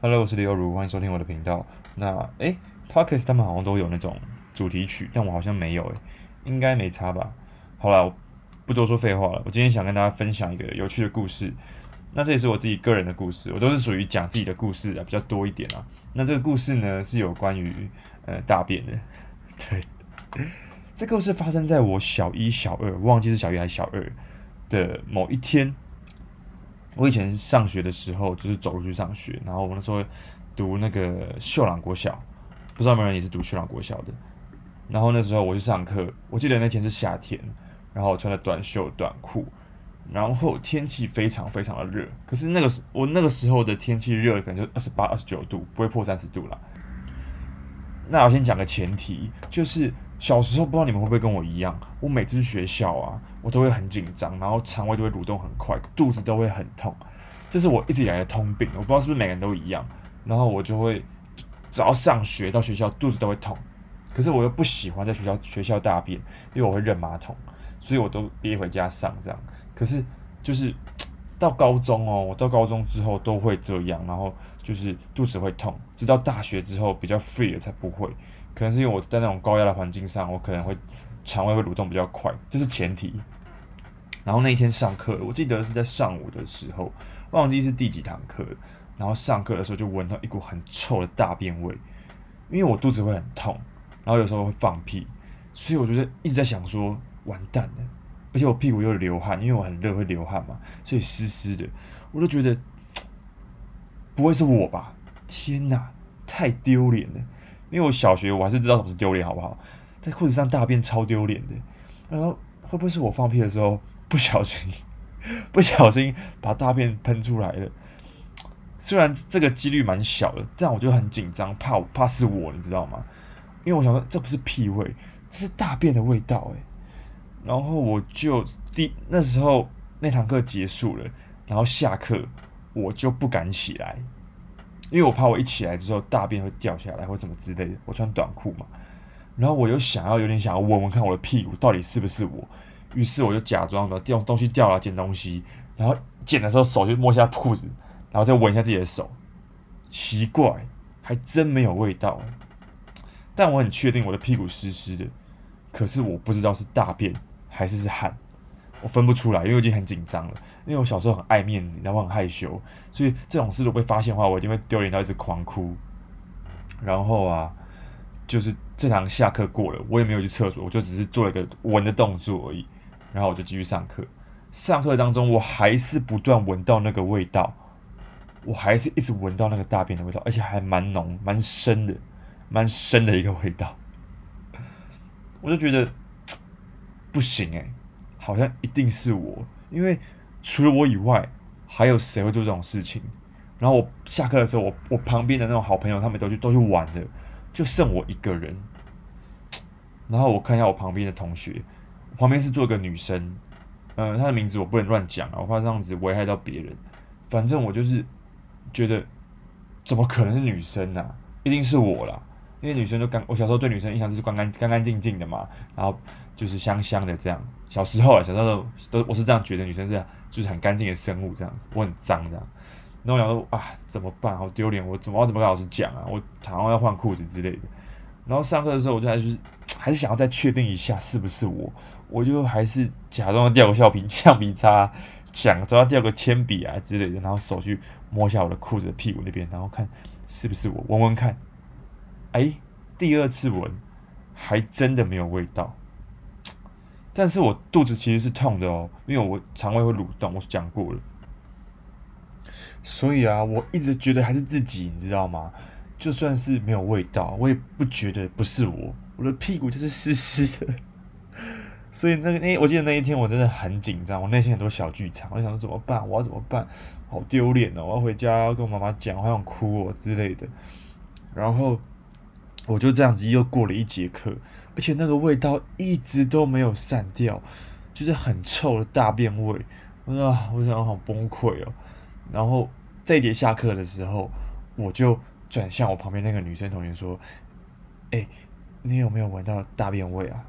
Hello，我是李優如，歡迎收聽我的頻道。那誒 Podcast 他們好像都有那種主題曲，但我好像沒有誒，應該沒差吧？好啦，我不多說廢話了。我今天想跟大家分享一個有趣的故事。那這也是我自己個人的故事，我都是屬於講自己的故事啊，比較多一點啊。那這個故事呢是有關於呃大便的，對。 這個故事發生在我小一、小二，我忘記是小一還是小二的某一天。我以前上學的時候，就是走路去上學。然後我那時候讀那個秀朗國小，不知道有沒有人也是讀秀朗國小的。然後那時候我去上課，我記得那天是夏天，然後我穿了短袖短褲，然後天氣非常非常的熱。可是那個時我那個時候的天氣熱，可能就二十八、二十九度，不會破三十度了。那我先講個前提，就是。小時候不知道你們會不會跟我一樣，我每次去學校啊，我都會很緊張，然後腸胃都會蠕動很快，肚子都會很痛。這是我一直以來的通病，我不知道是不是每個人都一樣。然後我就會只要上學到學校，肚子都會痛。可是我又不喜歡在學校學校大便，因為我會認馬桶，所以我都憋回家上這樣。可是就是到高中哦，我到高中之後都會這樣，然後就是肚子會痛。直到大學之後比較 free 了才不會。可能是因為我在那種高壓的環境上，我可能會腸胃會蠕動比較快，這是前提。然後那一天上課，我記得是在上午的時候，我忘記是第幾堂課。然後上課的時候就聞到一股很臭的大便味，因為我肚子會很痛，然後有時候會放屁，所以我就是一直在想說，完蛋了！而且我屁股又流汗，因為我很熱會流汗嘛，所以濕濕的，我就覺得不會是我吧？天啊，太丟臉了！因為我小學我還是知道什麼是丟臉，好不好？在褲子上大便超丟臉的。然後會不會是我放屁的時候不小心 不小心把大便噴出來了？雖然這個幾率蠻小的，但我就很緊張，怕我怕是我，你知道嗎？因為我想說這不是屁味，這是大便的味道，哎。然後我就第那時候那堂課結束了，然後下課我就不敢起來。因為我怕我一起來之後大便會掉下來或什麼之類的，我穿短褲嘛，然後我又想要有點想要聞聞看我的屁股到底是不是我，於是我就假裝的掉東西掉了撿東西，然後撿的時候手就摸一下褲子，然後再聞一下自己的手，奇怪，還真沒有味道，欸，但我很確定我的屁股濕濕的，可是我不知道是大便還是是汗。我分不出來，因為我已經很緊張了。因為我小時候很愛面子，然後很害羞，所以這種事如果被發現的話，我一定會丟臉到一直狂哭。然後啊，就是這堂下課過了，我也沒有去廁所，我就只是做了一個聞的動作而已。然後我就繼續上課，上課當中我還是不斷聞到那個味道，我還是一直聞到那個大便的味道，而且還蠻濃、蠻深的，蠻深的一個味道。我就覺得不行哎、欸。好像一定是我，因為除了我以外，還有誰會做這種事情？然後我下課的時候，我我旁邊的那種好朋友，他們都去都去玩了，就剩我一個人。然後我看一下我旁邊的同學，旁邊是坐一個女生，嗯、呃，她的名字我不能亂講啊，我怕這樣子危害到別人。反正我就是覺得，怎麼可能是女生呢？啊？一定是我啦。因為女生就剛，我小時候對女生的印象就是乾乾乾乾淨淨的嘛，然後就是香香的這樣。小時候啊，小時候都，都我是這樣覺得，女生是就是很乾淨的生物這樣子，我很髒這樣。然後我想說啊，怎麼辦？好丟臉，我怎麼我怎麼跟老師講啊？我好像要換褲子之類的。然後上課的時候，我就還是還是想要再確定一下是不是我，我就還是假裝掉個橡皮橡皮擦，想著掉個鉛筆啊之類的，然後手去摸一下我的褲子的屁股那邊，然後看是不是我聞聞看。哎、欸，第二次聞，還真的沒有味道。但是我肚子其實是痛的哦，因為我腸胃會蠕動，我講過了。所以啊，我一直覺得還是自己，你知道嗎？就算是沒有味道，我也不覺得不是我。我的屁股就是濕濕的。所以那個，哎、欸，我記得那一天我真的很緊張，我內心很多小劇場。我想說怎麼辦？我要怎麼辦？好丟臉哦！我要回家，要跟我媽媽講，好想哭哦之類的。然後。我就這樣子又過了一節課，而且那個味道一直都沒有散掉，就是很臭的大便味，我那時候好崩潰哦。然後這一節下課的時候，我就轉向我旁邊那個女生同學說：“哎、欸，你有沒有聞到大便味啊？”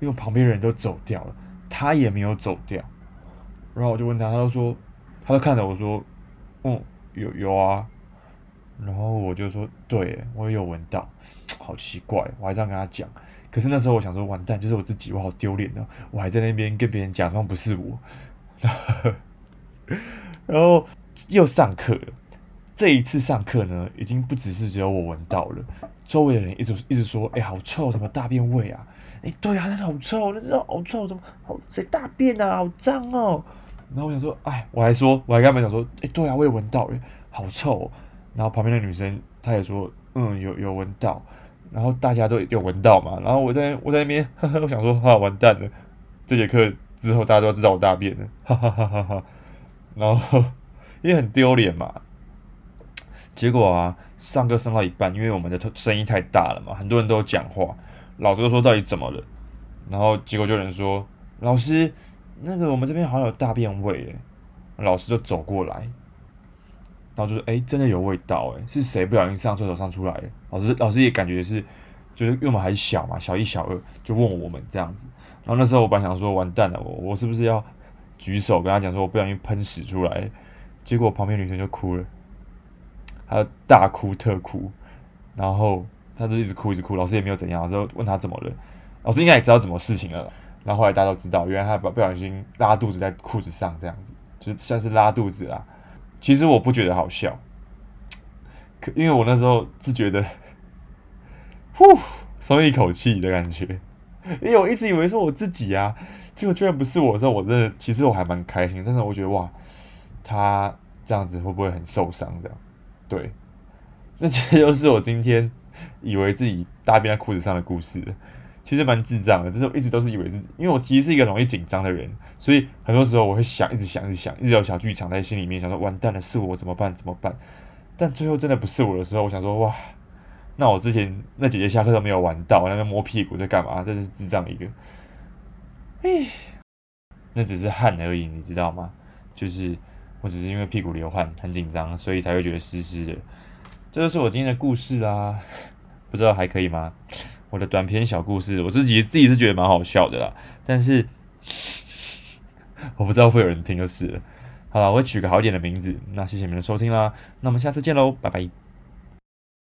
因為旁邊人都走掉了，她也沒有走掉。然後我就問她，她都說，她都看着我說：“嗯，有有啊。”然後我就說：“對，我也有聞到，好奇怪。”我還這樣跟他講。可是那時候我想說：“完蛋，就是我自己，我好丟臉呢、啊。”我還在那邊跟別人講，裝不是我。然後，然後又上課了。這一次上課呢，已經不只是只有我聞到了，周圍的人一直一直說：“哎、欸，好臭，什麼大便味啊！”哎、欸，對啊，那好臭，那好臭，怎麼好誰大便啊？好髒哦。然後我想說：“哎，我還說，我還跟他們講說：哎、欸，對啊，我也聞到，了，好臭、哦。”然後旁邊的女生她也說，嗯，有有聞到，然後大家都有聞到嘛，然後我在我在那邊，呵呵，我想說，啊，完蛋了，這節課之後大家都知道我大便了，哈哈哈哈哈，然後也很丟臉嘛。結果啊，上課上到一半，因為我們的聲音太大了嘛，很多人都講話，老師都說到底怎麼了？然後結果就有人說，老師，那個我們這邊好像有大便味，耶，老師就走過來。然後就是誒，真的有味道！誒。是誰不小心上廁所上出來的？老師，老師也感覺是，就是因為我們還小嘛，小一、小二就問我們這樣子。然後那時候我本想說：“完蛋了，我我是不是要舉手跟他講說我不小心噴屎出來？”結果旁邊女生就哭了，她大哭特哭，然後她就一直哭一直哭，老師也沒有怎樣，就問他怎麼了。老師應該也知道什麼事情了。然後後來大家都知道，原來他不不小心拉肚子在褲子上，這樣子就算是拉肚子啦。其實我不覺得好笑，因為我那時候是覺得呼，鬆一口氣的感覺。因為我一直以為說我自己啊，結果居然不是我的時候，我真的其實我還蠻開心。但是我覺得哇，他這樣子會不會很受傷？這樣對，那其實又是我今天以為自己大便在褲子上的故事。其實蠻智障的，就是我一直都是以為自己。因為我其實是一個容易緊張的人，所以很多時候我會想，一直想，一直想，一直有小劇場在心裡面想說，完蛋了，是我怎麼辦？怎麼辦？但最後真的不是我的時候，我想說，哇，那我之前那姐姐下課都沒有玩到，我在那摸屁股在幹嘛？這是智障的一個，哎，那只是汗而已，你知道嗎？就是我只是因為屁股流汗很緊張，所以才會覺得濕濕的。這就是我今天的故事啊，不知道還可以嗎？我的短篇小故事，我自己自己是覺得蠻好笑的啦，但是我不知道會有人聽就是了。好啦，我會取個好一點的名字。那謝謝你們的收聽啦，那我們下次見嘍，拜拜。